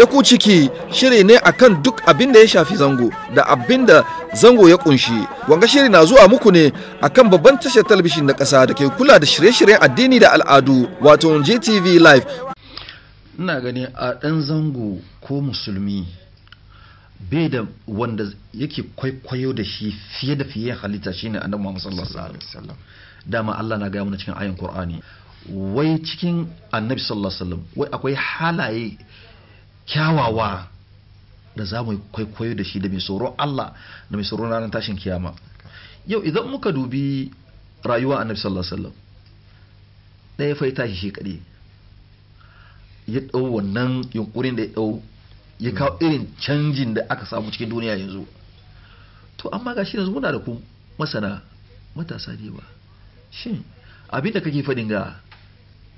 da ku ciki shiri ne akan duk abin da ya shafi zango da abin da zango ya kunshi wanga shiri na zuwa muku ne akan babban tashar talabishin na kasa da ke kula da shirye-shiryen addini da al'adu wato GTV live ina gani a dan zango ko musulmi bai da wanda yake kwaikwayo da shi fiye da fiye halitta shine annabi Muhammad sallallahu alaihi wasallam dama Allah na gaya mana cikin ayin Qur'ani wai cikin annabi sallallahu alaihi wasallam wai akwai halaye kyawawa da za mu kwaikwayo da shi da mai tsoron Allah da mai tsoron ranar tashin kiyama yau idan muka dubi rayuwa a annabi sallallahu alaihi wasallam ɗaya fai tashi shi kaɗai ya ɗau wannan yunkurin da ya ɗau ya hmm. kawo irin canjin da aka samu cikin duniya yanzu to amma gashi yanzu muna da ku masana matasa ne ba shin abin da kake faɗin ga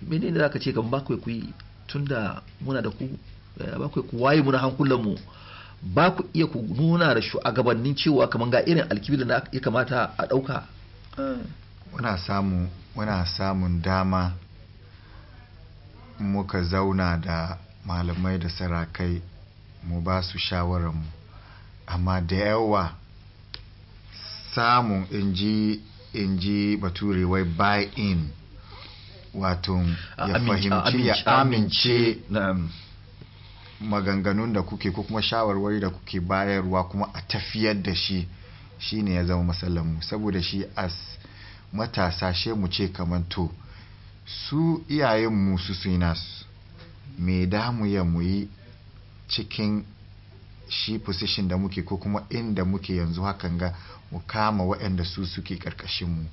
menene za ka ce kan ba ku yi tunda muna da ku Eh, ba ku waye mu hankulan mu ba ku iya ku nuna da shugabannin cewa kamar ga irin alkibir da ya kamata a ɗauka muna samu muna samun dama muka zauna da malamai da sarakai mu ba su mu, amma da yawa samun inji inji bature wai buy in wato ya fahimci ya amince maganganun da kuke ko kuma shawarwari da kuke bayarwa kuma a tafiyar da shi shine ya zama matsalar mu saboda shi as matasa she mu ce kamar to su iyayenmu su su nasu me damu ya mu yi cikin shi position da muke ko kuma inda muke yanzu hakan ga mu kama waɗanda su suke mu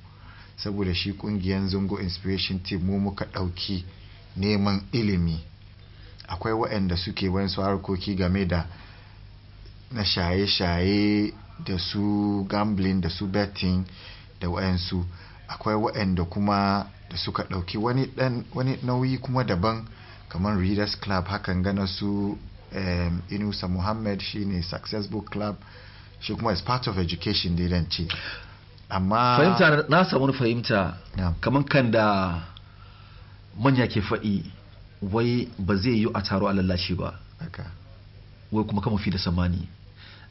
saboda shi ƙungiyar zungo inspiration team mu muka ɗauki neman ilimi akwai waɗanda suke wasu harkoki game da na shaye-shaye da su gambling da su betting da waɗansu akwai waɗanda kuma da suka ɗauki wani nauyi kuma daban kamar readers club hakan gana su um, inusa muhammad ne success book club shi kuma is part of education da idan ce amma fahimta na samu fahimta yeah. kamar kan da manya ke faɗi wai ba zai yi a taro a lallashi ba wai kuma kama fi da samani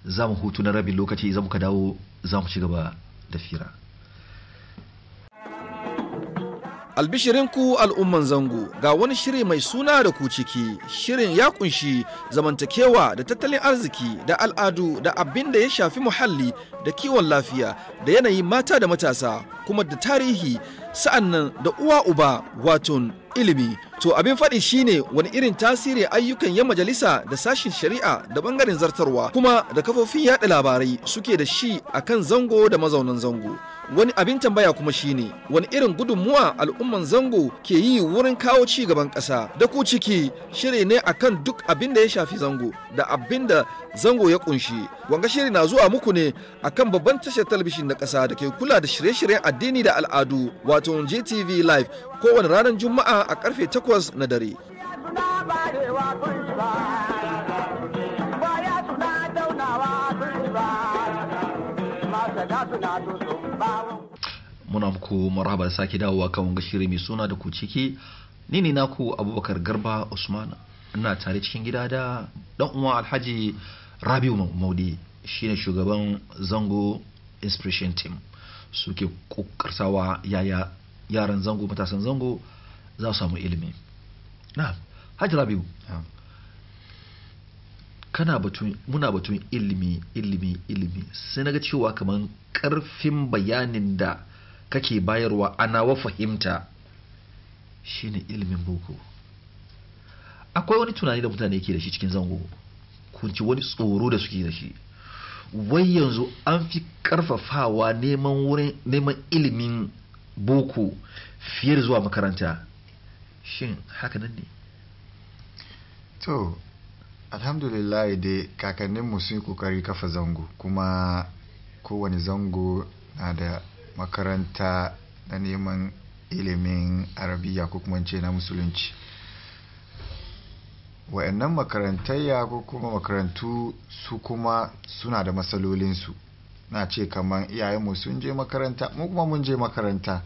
za mu hutu na rabin lokaci za mu ka dawo za mu ci gaba da fira Albishirinku al'umman zango ga wani shiri mai suna da ku ciki, shirin ya kunshi zamantakewa da tattalin arziki da al'adu da abin da ya shafi muhalli da kiwon lafiya da yanayi mata da matasa kuma da tarihi sa'annan da uwa uba waton ilimi. To abin faɗi shine wani irin tasiri ayyukan yan majalisa da sashin shari'a da bangaren zartarwa kuma da kafofin yaɗa labarai suke da shi akan zango da mazaunan zango. wani abin tambaya kuma shine wani irin gudunmuwa al'umman zango ke yi wurin kawo ci gaban ƙasa da ku ciki shiri ne akan duk abin da ya shafi zango da abin da zango ya kunshi wanga shiri na zuwa muku ne akan babban tashar talabijin na ƙasa da ke kula da shirye-shiryen addini da al'adu wato GTV live kowane ranar juma'a a karfe 8 na dare. Muna muku maraba da sake dawowa kan wanga shiri mai suna da ku ciki. Ni ne naku Abubakar Garba Usman. Ina tare cikin gida da dan uwa Alhaji Rabiu Maudi shine shugaban Zango Inspiration Team. Suke kokarsawa yaya yaran zango matasan zango za su samu ilimi. Na, Haji Rabiu. kana batun muna batun ilimi ilimi ilimi sai naga cewa kamar karfin bayanin da kake bayarwa ana wa fahimta shine ilimin boko akwai wani tunani da mutane ke da shi cikin zango kunci wani tsoro da suke da shi wai yanzu an fi karfafawa neman wurin neman ilimin boko fiye da zuwa makaranta shin haka nan ne to alhamdulillah dai kakanninmu sun kokari kafa zango kuma kowane zango na da makaranta na neman ilimin arabiya ko kuma ce na musulunci wa'annan makarantayya ko kuma makarantu su kuma suna da matsalolinsu na ce kamar iyayenmu sun je makaranta mu kuma mun je makaranta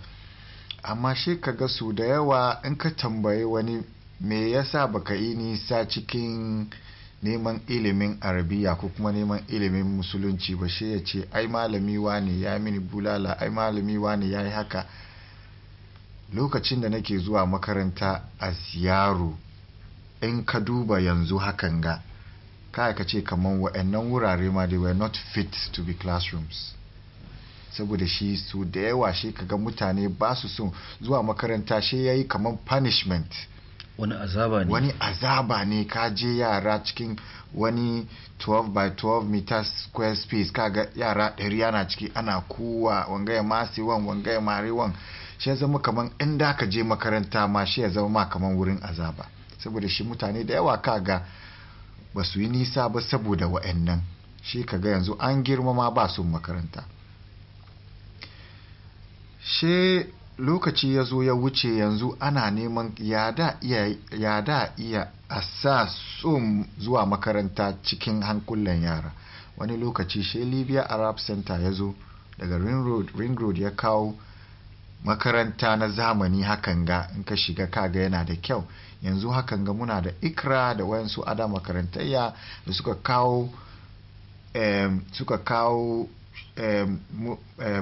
amma shi ka ga su da yawa in ka tambaye wani me yasa baka yi nisa cikin neman ilimin arabiya ko kuma neman ilimin musulunci ba shi ya ce ai malami wane ya mini bulala ai malami wane ya yi haka lokacin da nake zuwa makaranta a yaro in ka duba yanzu hakan ga kai ka ce kamar wa'annan wurare ma they were not fit to be classrooms saboda shi su da yawa shi kaga mutane ba su son zuwa makaranta shi yayi kamar punishment wani azaba ne wani azaba ne ka je yara cikin wani 12 by 12 meters square space kaga yara ɗari yana ciki ana kuwa wangaya masiwan wangaya marewan shi ya zama kaman inda da ka je makaranta ma shi ya zama kaman wurin azaba saboda shi mutane da yawa kaga ba su yi nisa ba saboda wa'annan shi kaga yanzu an girmama ba su makaranta shi lokaci ya zo ya wuce yanzu ana neman ya da iya a sa tsum zuwa makaranta cikin hankulan yara wani lokaci she libya arab center ya zo daga ring road ya kawo makaranta na zamani hakan ga in ka shiga kaga yana da kyau yanzu hakan ga muna da ikra da wayansu ada makarantayya da suka kawo suka kawo eh,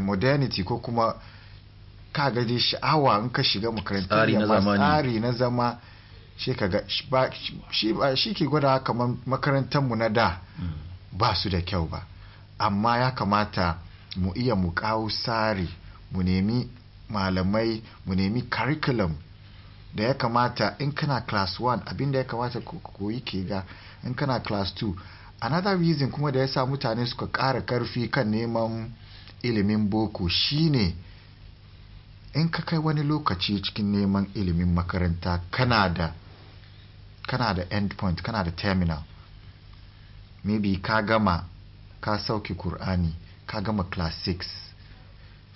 modernity ko kuma ka ga dai sha'awa in ka shiga makarantar yamma tsari na zama shi ka ga shi ke gwada kamar makarantar mu na da ba su da kyau ba amma ya kamata mu iya mu kawo tsari mu nemi malamai mu nemi curriculum da ya kamata in kana class 1 abinda ya kamata koyi ke ga in kana class 2 another reason kuma da ya sa mutane suka ƙara karfi kan neman ilimin boko shine in ka kai wani lokaci cikin neman ilimin makaranta kana da kana da endpoint kana da terminal maybe ka gama ka sauki kur'ani ka gama class 6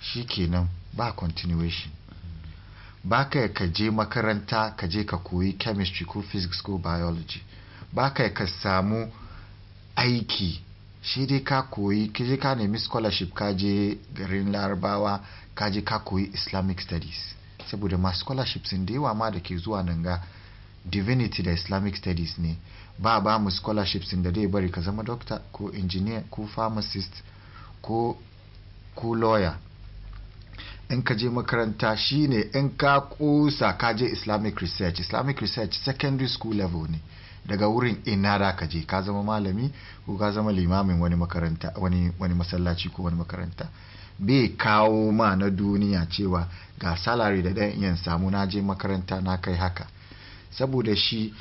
shikenan ba continuation ba ka ka je makaranta ka je ka koyi chemistry ko physics ko biology ba ka ka samu aiki shi dai ka koyi kaje ka nemi scholarship ka je garin larabawa ka je ka koyi islamic studies saboda ma scholarships da yawa ma da ke zuwa nan ga divinity da islamic studies ne ba ba mu scholarships da dai bari ka zama doctor ko engineer ko pharmacist ko ko lawyer in ka je makaranta shine in ka kusa ka je islamic research islamic research secondary school level ne daga wurin ina eh, da ka je ka zama malami ko ka zama limamin wani makaranta wani wani masallaci ko wani makaranta bai kawo ma na duniya cewa ga salary da dan iyan samu na je makaranta na kai haka saboda shi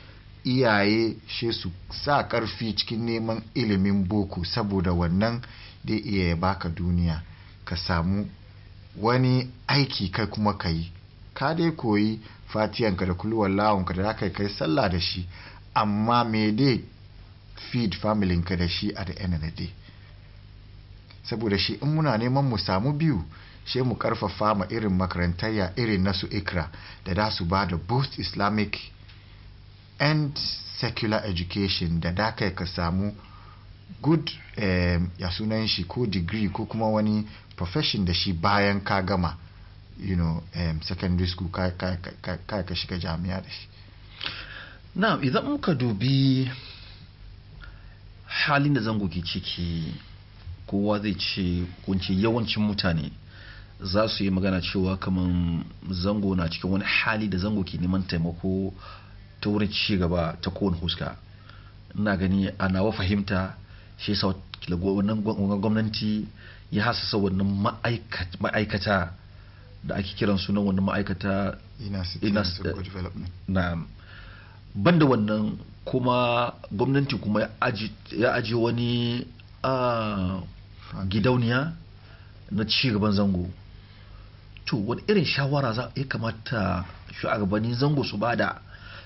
iyaye shi su sa karfi cikin neman ilimin boko saboda wannan da iya ya baka duniya ka samu wani aiki kai kuma ka yi ka dai koyi fatiyanka da kuluwar lawanka da za ka kai sallah da shi amma me dai feed familin ka da shi a da end of the saboda shi in muna neman mu samu biyu sai mu karfafa ma irin makarantayya irin nasu ikra da da su ba da boost islamic and secular education da da kai ka samu good eh, ya sunan shi ko degree ko kuma wani profession da shi bayan ka gama you know eh, secondary school ka, ka, ka, ka shiga jami'a da shi na idan muka dubi halin da zango ke ciki kowa zai ce kunci yawancin mutane za su yi magana cewa kamar zango na cikin wani hali da zango ke neman taimako ta wurin ci gaba ta kowane huska ina gani a nawa fahimta shi yasa wannan gwamnati ya hasasa wannan ma'aikata da ake kiran sunan wannan ma'aikata ina city na banda wannan kuma gwamnati kuma ya aji wani gidauniya na cigaban zango to wani irin shawara za ya kamata shugabannin zango su bada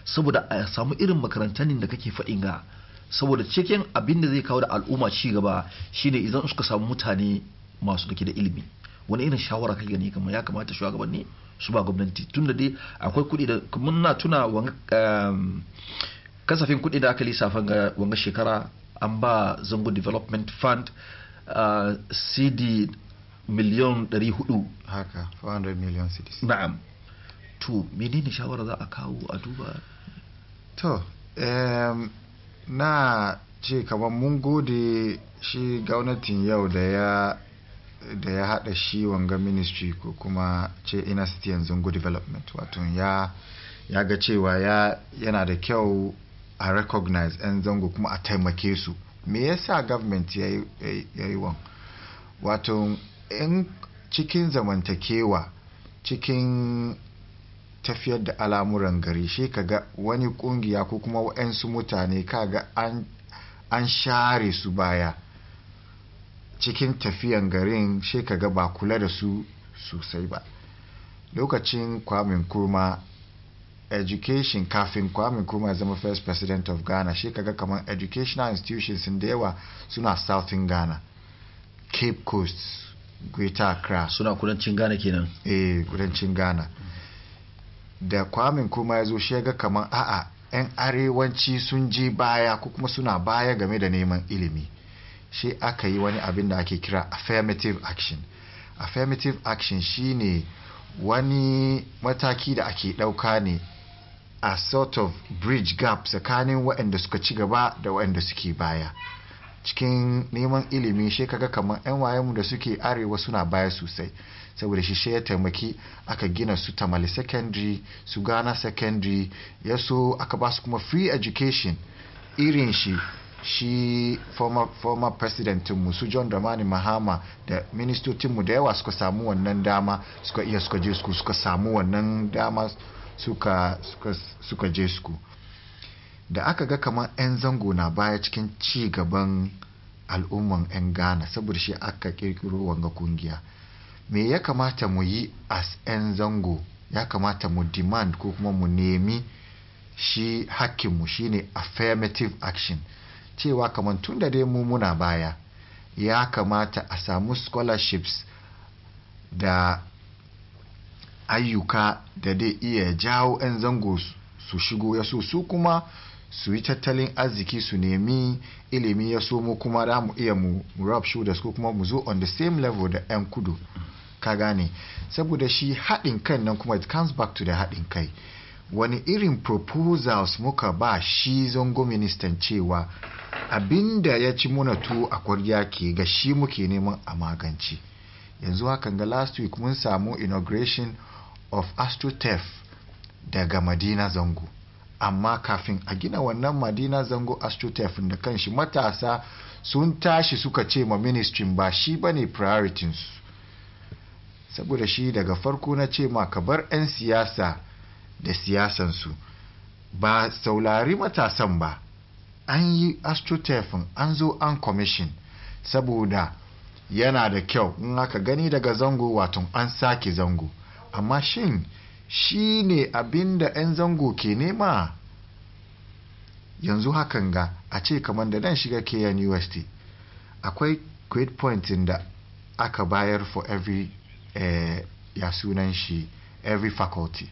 saboda a samu irin makarantar da kake faɗin ga saboda cikin abin da zai kawo da al'umma ci gaba shine idan suka samu mutane masu da ilimi wani irin shawara kake gani kamar ya kamata shugabanni su ba gwamnati tun da dai akwai kuɗi da na tuna um, kasafin kuɗi da aka lissafa ga wanga shekara an ba zango development fund uh, cd miliyan 400 haka 400 miliyan cds na'am to menene shawara za a kawo a duba to um, na ce kamar mun gode shi gwamnatin yau da ya da ya hada shi wanga ministry ko kuma ce inner city yanzu good development wato ya ya ga cewa ya yana da kyau a recognize 'yan zango kuma a taimake su me yasa government ya yi wan wato in cikin zamantakewa cikin tafiyar da alamuran gari shi ka ga wani kungiya ko kuma wa'yansu mutane kaga an share su baya cikin tafiyan garin shi kaga ba kula da su sosai ba lokacin kwamin kurma education kafin kwamin kurma zama first president of ghana shi kaga kamar educational institutions da yawa suna southern ghana cape coast greater accra suna kudancin ghana kenan eh kudancin ghana da kwamin kuma ya zo shi ga kamar a'a 'yan arewanci sun je baya ko kuma suna baya game da neman ilimi sai aka yi wani abin da ake kira affirmative action affirmative action shine wani mataki da ake ɗauka ne a sort of bridge gap tsakanin waɗanda suka ci gaba da waɗanda suke baya cikin neman ilimi shi kaga kamar yan wayenmu da suke arewa suna baya sosai saboda shi ya taimaki aka gina su tamale secondary su ghana secondary ya so aka ba su kuma free education irin shi shi former, former mu su john dramani mahama da ministocinmu da yawa suka samu wannan dama suka iya suka je suku suka samu wannan dama suka, je suku da aka ga kamar 'yan zango na baya cikin ci gaban al'umman 'yan ghana saboda shi aka kirkiro wanga kungiya me ya kamata mu yi as 'yan zango ya kamata mu demand ko kuma mu nemi shi hakkinmu shine affirmative action cewa kamar tun da dai mu muna baya ya kamata a samu scholarships da ayyuka da dai iya jawo 'yan zango su shigo ya so su kuma su yi tattalin arziki su nemi ilimi ya so mu kuma da mu iya mu rub shoulders ko kuma mu zo on the same level da 'yan kudu ka gane saboda shi haɗin kan nan kuma it comes back to the haɗin kai wani irin proposals muka ba shi zango ministan cewa abinda ya ci muna tuwo a kwarya ke ga shi muke neman a magance yanzu hakan ga last week mun samu inauguration of astrotef daga madina zango amma kafin a gina wannan madina zango astrotef da kanshi matasa sun tashi suka ce ma ministrin ba shi ba ne priorities saboda shi daga farko na ce ma ka bar 'yan siyasa da siyasansu ba saulari matasan ba an yi astrotefin an zo an commission saboda yana da kyau in aka gani daga zango wato an sake zango amma shin shi ne abin da 'yan zango ke nema yanzu hakan ga a ce kamar da dan shiga KN UST akwai grade point da aka bayar for every eh, ya sunan shi every faculty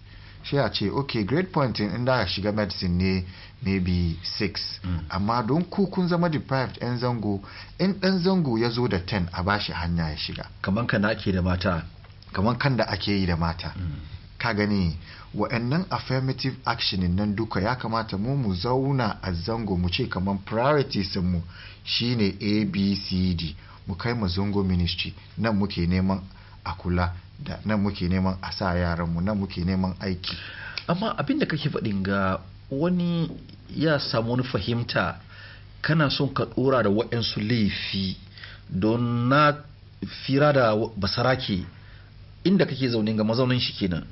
sai a ce ok grade point in da shiga medicine ne maybe 6 mm. amma don ku kun zama deprived yan zango in dan zango ya zo da 10 a bashi hanya ya shiga kamar kan da ake da mata kamar kan da ake yi da mata mm. ka gani wa'annan affirmative action nan duka ya kamata mu mu zauna a zango mu ce kamar priorities mu shine abcd mu kai mu zango ministry nan muke neman a kula da nan muke neman a sa yaranmu nan muke neman aiki amma abin da kake faɗin ga wani ya samu wani fahimta kana son ka ɗora da waɗansu laifi don na fira da basarake inda kake zaune ga mazaunin shi kenan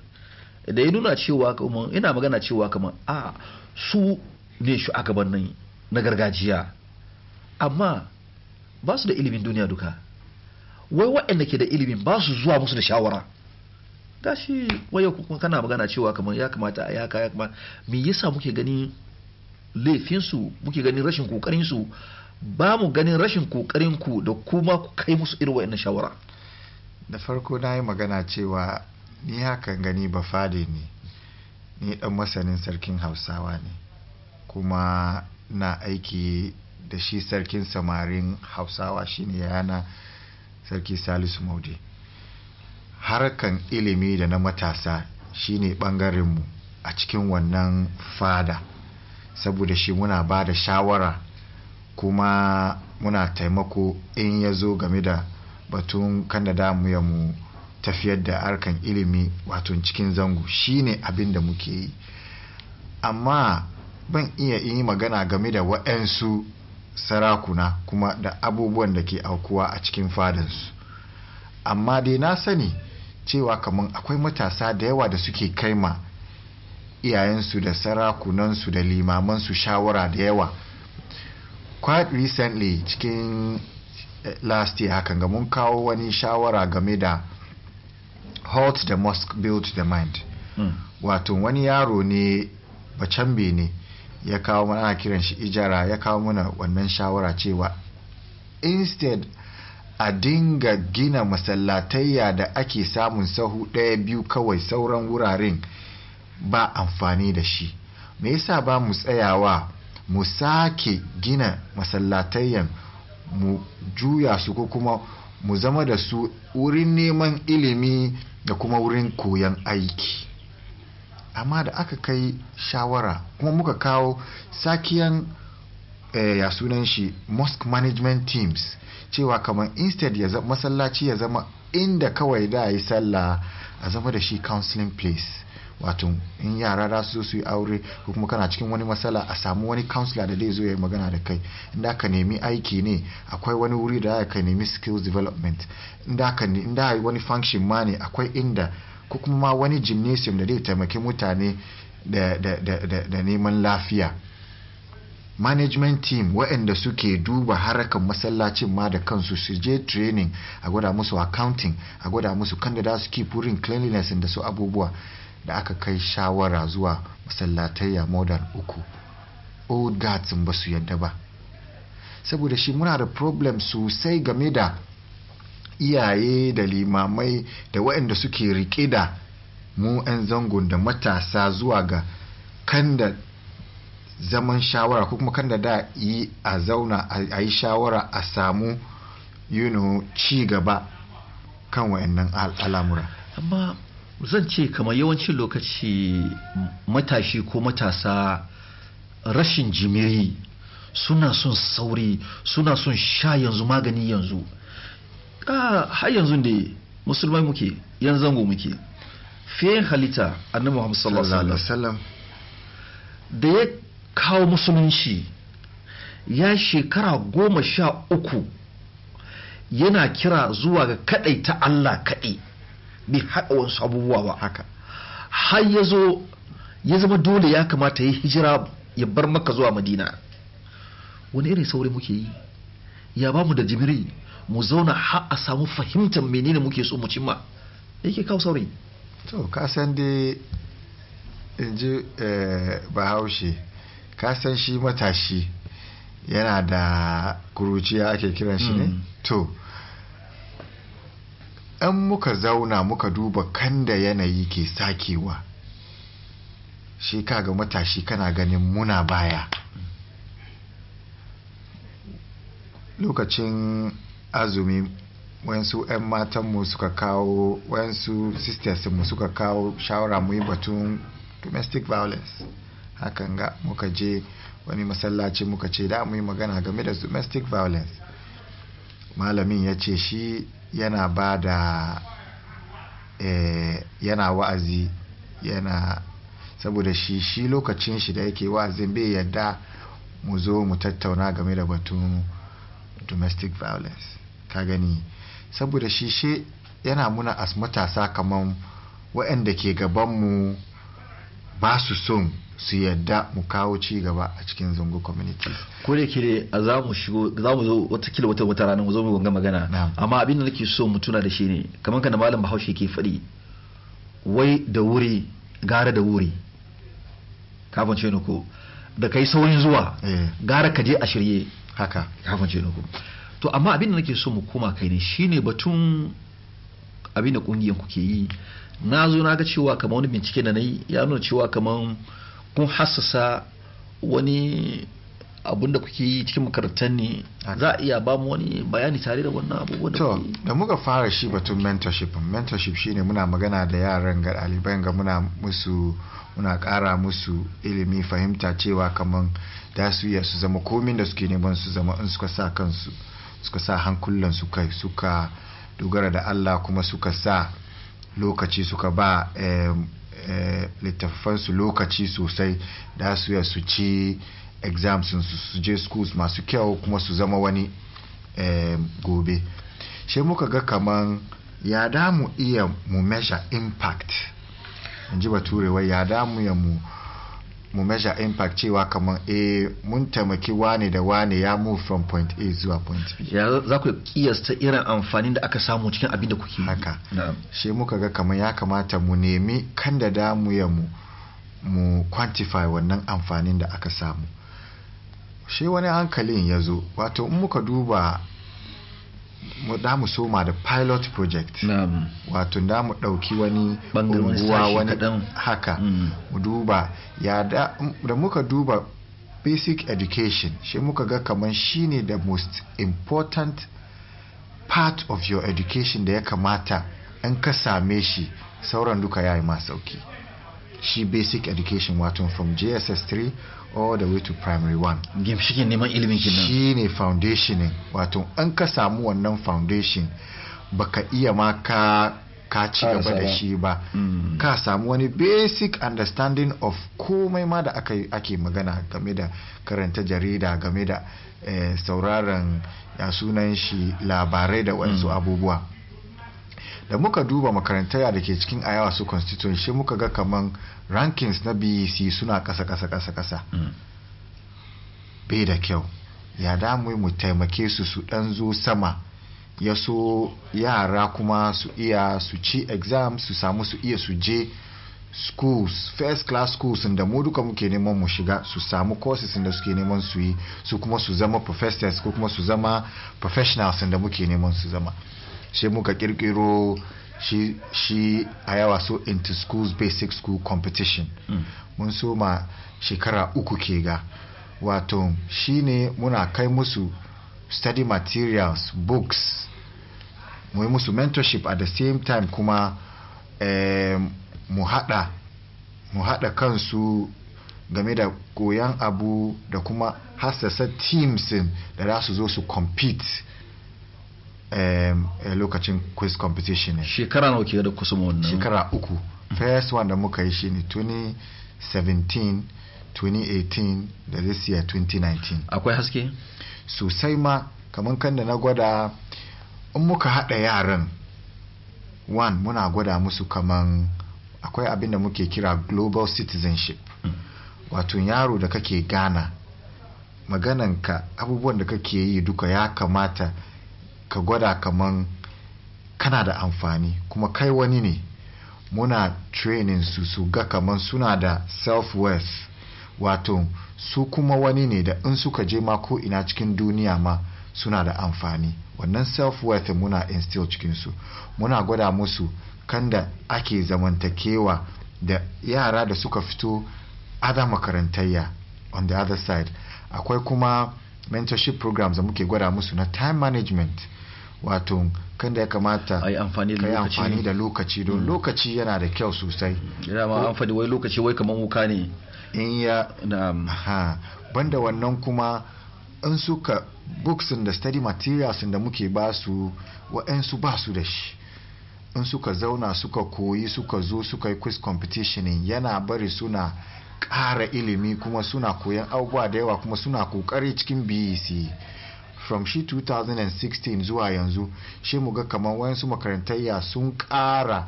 da ya nuna cewa kuma ina magana cewa kamar a su ne shugabannin na gargajiya amma ba su da ilimin duniya duka wai waɗanda ke da ilimin ba su zuwa musu da shawara shi wai kuma kana magana cewa kamar ya kamata a yaka ya kamata me yasa muke ganin laifinsu muke ganin rashin kokarinsu ba mu ganin rashin kokarin da kuma ku kai musu irin waɗannan shawara da farko na yi magana cewa ni hakan gani ba fade ne ni dan masanin sarkin hausawa ne kuma na aiki da shi sarkin samarin hausawa shine yana sarki salisu maude harkan ilimi da na matasa shine bangarenmu a cikin wannan fada saboda shi muna ba da shawara kuma muna taimako in ya zo game da batun kanda da ya mu tafiyar da harkan ilimi wato cikin zango shine abin da muke yi amma ban iya yi magana game da waɗansu sarakuna kuma da abubuwan da ke aukuwa a cikin fadansu amma dai na sani cewa kamar akwai matasa da yawa da suke kaima iyayensu da sarakunansu da limamansu shawara da yawa quite recently cikin eh, last year hakan ga mun kawo wani shawara game da halt the mosque build the mind hmm. wato wani yaro ne bacambe ne ya kawo mana ana kiran shi ijara ya kawo mana wannan shawara cewa instead a dinga gina masallatayya da ake samun sahu ɗaya biyu kawai sauran wuraren ba amfani da shi me yasa ba mu tsayawa mu sake gina masallatayyan mu juya su ko kuma mu zama da su wurin neman ilimi da kuma wurin koyon aiki amma da aka kai shawara kuma muka kawo sakiyan eh, ya sunan shi mosque management teams cewa kamar instead ya masallaci ya zama inda kawai da yi sallah a zama da shi counseling place wato in yara da su su yi aure ko kuma kana cikin wani matsala a samu wani counselor da zai zo ya yi magana da kai inda ka nemi aiki ne akwai wani wuri da ka nemi skills development inda ka wani function ma ne akwai inda ko kuma ma wani gymnasium da zai taimaki mutane da neman lafiya management team waɗanda suke duba harakan masallacin ma da kansu su je training a gwada musu accounting a gwada musu kan da za su keep wurin cleanliness da su abubuwa da aka kai shawara zuwa masallatayya modern uku old guards ba su yadda ba saboda shi muna da problem sosai game da iyaye da limamai da waɗanda suke riƙe da mu 'yan zangon da matasa zuwa ga kan da zaman shawara ko kuma kan da da yi a zauna a yi shawara a samu you know, ci gaba kan wayannan al'amura amma zan ce kamar yawancin lokaci matashi ko matasa rashin jimiri suna son sauri suna son sha yanzu magani yanzu a har yanzu da musulmai muke yan zango muke fiye halitta annabi muhammad sallallahu alaihi wasallam da ya kawo musulunci ya shekara goma sha uku yana kira zuwa ga kadai ta Allah kadai bai haɗa wasu abubuwa ba haka har ya zo ya zama dole ya kamata ya hijira ya bar maka zuwa madina wani irin sauri muke yi ya ba mu da jimiri mu zauna har a samu fahimtar menene muke so mu cimma yake kawo sauri to ka san dai in ji eh, bahaushe ka san shi matashi yana da kuruciya ake kiran shi ne mm. to in muka zauna muka duba kan da yanayi ke sakewa shi ga matashi kana ganin muna baya mm. lokacin azumi wayansu 'yan matanmu suka kawo wayansu mu suka kawo shawara mu yi batun domestic violence hakan ga muka je wani masallaci muka ce da mu yi magana game da domestic violence malamin ya ce shi yana ba da eh, yana wa'azi yana saboda shi shi lokacin shi da yake wa'azin bai yadda mu zo mu tattauna game da batun domestic violence ka gani saboda shi she yana muna as matasa kaman waɗanda ke gabanmu ba su son su yadda mu kawo ci gaba a cikin zango community ko da ke za mu shigo za mu zo watakila wata wata ranar mu zo mu gunga magana amma abin da nake so mu tuna da shi ne kamar kana malam bahaushe ke faɗi wai da wuri gara da wuri kafin ce ko da kai saurin zuwa eh. gara ka je a shirye haka kafin ce ko to amma abin da nake so mu koma kai ne shine batun abin da kungiyar ku ke yi na zo na ga cewa kamar wani bincike da na yi ya nuna cewa kamar kun hassasa wani abun da kuke yi cikin makarantar ne za a iya ba mu wani bayani tare da wannan abubuwan da to da muka fara shi batun mentorship mentorship shine muna magana da yaran ga ɗaliban ga muna musu muna kara musu ilimi fahimta cewa kamar da su iya su zama komin da suke neman su zama in suka sa kansu suka sa hankulan su kai suka dogara da Allah kuma suka sa lokaci suka ba eh, littafan su lokaci sosai da su ya su ci exams su je schools masu kyau kuma su zama wani gobe shi muka ga kaman ya damu iya mu measure impact in ji bature wai ya damu ya mu mu measure impact cewa kamar a eh, mun taimaki wane da wane ya move from point a zuwa point b ya za ku kiyasta irin amfanin da aka samu cikin abin da kuke haka shi muka ga kamar ya kamata mu nemi kan da damu ya mu mu quantify wannan amfanin da aka samu shi wani hankalin ya zo wato in muka duba da mu soma da pilot project wato da mu ɗauki wani unguwa wani haka mm. mu duba ya um, da muka duba basic education shi muka ga kamar ne the most important part of your education da ya kamata in ka same shi sauran duka ya yi ma sauki shi basic education wato from jss 3 all the way to primary 1 shike neman ilimin kenan shi ne foundationin wato an ka samu wannan foundation baka iya ma ka ka ci gaba da shi ba hmm. ka samu wani basic understanding of komai ma da ake, ake magana game da karanta jarida game da eh, sauraron ya sunan shi labarai da wasu hmm. abubuwa da muka duba makarantar da ke cikin ayawa su constituency muka ga kaman rankings na bc e suna kasa kasa kasa kasa mm. bai da kyau ya damu mu taimake su su dan zo sama ya so yara kuma su iya su ci exam su samu su iya su je schools first class schools da mu duka muke neman mu shiga su samu courses da suke neman su yi su kuma su zama professors ko kuma su zama professionals da muke neman su zama sai muka kirkiro shi shi a yawa so into schools basic school competition mm. mun so ma shekara uku ke ga wato ne muna kai musu study materials books mu yi musu mentorship at the same time kuma eh, mu haɗa kansu game da koyan abu da kuma hassasa teams da za su zo su compete Eh, lokacin quiz competition ne shekara nawa ke da kusa wannan shekara uku mm. first one da muka yi shi ne 2017 2018 da this year 2019 akwai haske sosai ma kamar kan da na gwada in muka hada yaran one muna gwada musu kaman akwai abin da muke kira global citizenship mm. wato yaro da kake gana maganan ka abubuwan da kake yi duka ya kamata ka gwada kaman kana da amfani kuma kai wani ne muna training su su ga kaman suna da self worth wato su kuma wani ne da in suka je ma ko ina cikin duniya ma suna da amfani wannan self worth muna instill cikinsu muna gwada musu kanda ake zamantakewa da yara da suka fito ada makarantayya on the other side akwai kuma mentorship programs da muke gwada musu na time management wato kan da ya kamata a yi amfani da lokaci don mm. lokaci yana da kyau sosai ma amfani wai lokaci wai kamar wuka ne in ya ha banda wannan kuma in suka books da study materials da muke ba su wa'ansu ba su da shi in suka zauna suka koyi suka zo suka yi quiz competition yana bari suna ƙara ilimi kuma suna koyan abubuwa da yawa kuma suna kokari cikin BEC from shi 2016 zuwa yanzu shi muga ga kamar wayansu makarantayya sun ƙara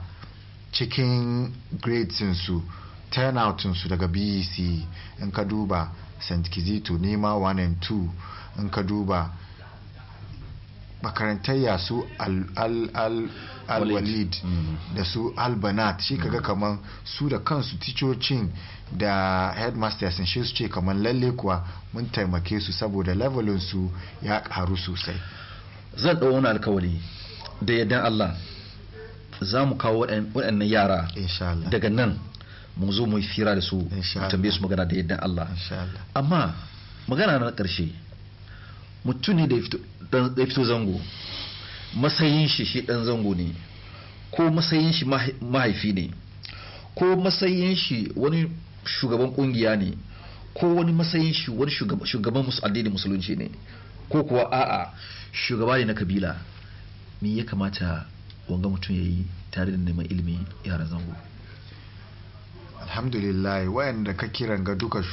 cikin gradesinsu su daga bec in ka duba st kizito nema 1 and 2 in ka duba makarantar ya su al-walid mm-hmm. da su albanat shi kaga mm-hmm. kaman su da kansu ticocin da headmasters shi su ce kaman lalle kuwa mun taimake su saboda levelin su ya karu sosai zan ɗau wani alkawari da yadda Allah za mu kawo waɗannan yara daga nan mu zo mu yi fira da su tambaye su magana da yadda Allah amma magana na ƙarshe mutum ne da ya fito zango matsayin shi shi dan zango ne ko matsayin shi mahaifi ne ko matsayin shi wani shugaban kungiya ne ko wani matsayin shi wani shugaban addinin musulunci ne ko kuwa a'a shugaba ne na kabila me ya kamata wanga mutum ya yi tare da neman ilimi yaran zango alhamdulillah wayanda ka kiran ga duka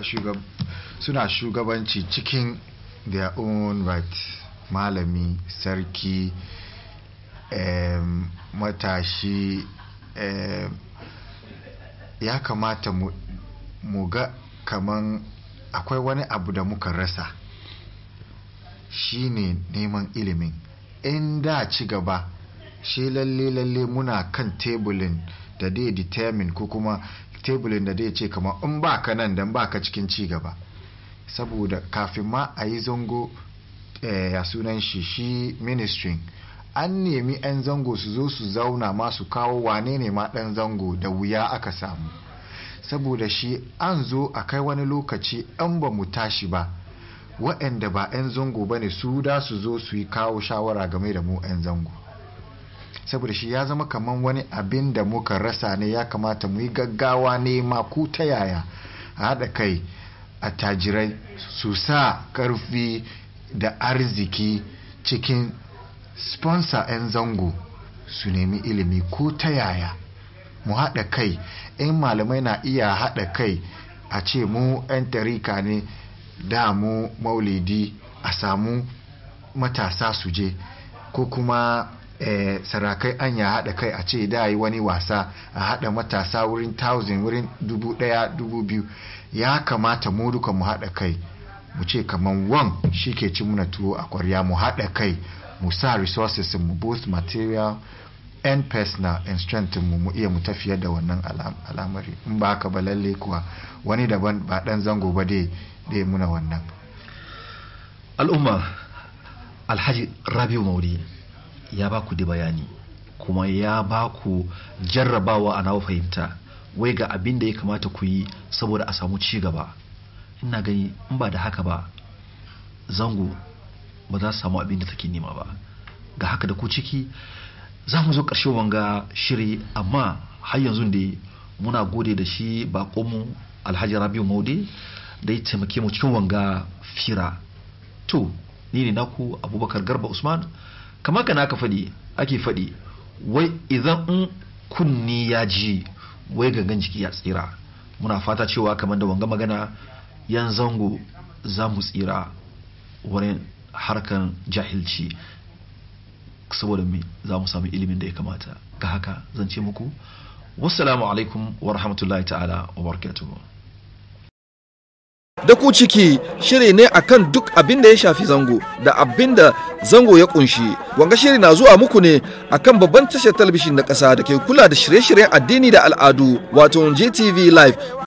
shugaba suna shugabanci cikin their own right malami sarki um, matashi um, ya kamata mu ga kaman akwai wani abu da muka rasa shine neman ilimin in da ci gaba shi lalle lalle muna kan tebulin da dai determine ko kuma tebulin da dai ce kama in ba ka nan dan ba ka cikin ci gaba saboda kafin ma a yi zango eh, ya sunan shi shi ministry an nemi 'yan zango su zo su zauna ma su kawo wane ne ma dan zango da wuya aka samu saboda shi an zo a kai wani lokaci an ba mu tashi ba waɗanda ba 'yan zango ba ne su da su zo su yi kawo shawara game da mu 'yan zango saboda shi ya zama kamar wani abin da muka rasa ne ya kamata mu yi gaggawa nema ku ta yaya a haɗa kai attajirai su sa karfi da arziki cikin sponsor 'yan zango su nemi ilimi ko ta yaya mu haɗa kai 'yan malamai na iya haɗa kai a ce mu 'yan tarika ne da mu maulidi a samu matasa su je ko kuma eh, sarakai an ya haɗa kai a ce da yi wani wasa a haɗa matasa wurin 1000 wurin 1000 dubu ya kamata mu duka mu haɗa kai mu ce kaman wan shi ke ci muna tuwo a kwarya mu haɗa kai mu sa resources mu both material and personal and strength mu mu iya mu tafiya da wannan al'amari in ba haka ba lalle kuwa wani daban ba dan zango ba dai dai muna wannan al'umma alhaji rabiu mauri ya ba ku da bayani kuma ya ba ku jarrabawa a nawa fahimta wai ga abin da ya kamata ku yi saboda a samu ci gaba ina gani in ba da haka ba zango ba za su samu abin da take nema ba ga haka da ku ciki za mu zo ƙarshe wanga shiri amma har yanzu da muna gode da shi mu alhaji rabiu maude da ya taimake mu cikin wanga fira to ni ne naku abubakar garba usman kamar ka naka faɗi ake faɗi wai idan kunni ya ji wai gangan jiki ya tsira muna fata cewa kamar da wanga magana yan zango za mu tsira wurin harkan jahilci saboda me za mu samu ilimin da ya kamata ga haka zan ce muku wasu alaikum wa rahmatullahi ta'ala wa barakatuhu da ku ciki shiri ne akan duk abin da ya shafi zango da abin da zango ya kunshi wanga shiri na zuwa muku ne akan babban tashar talabishin na ƙasa da ke kula da shirye-shiryen addini da al'adu wato gtv live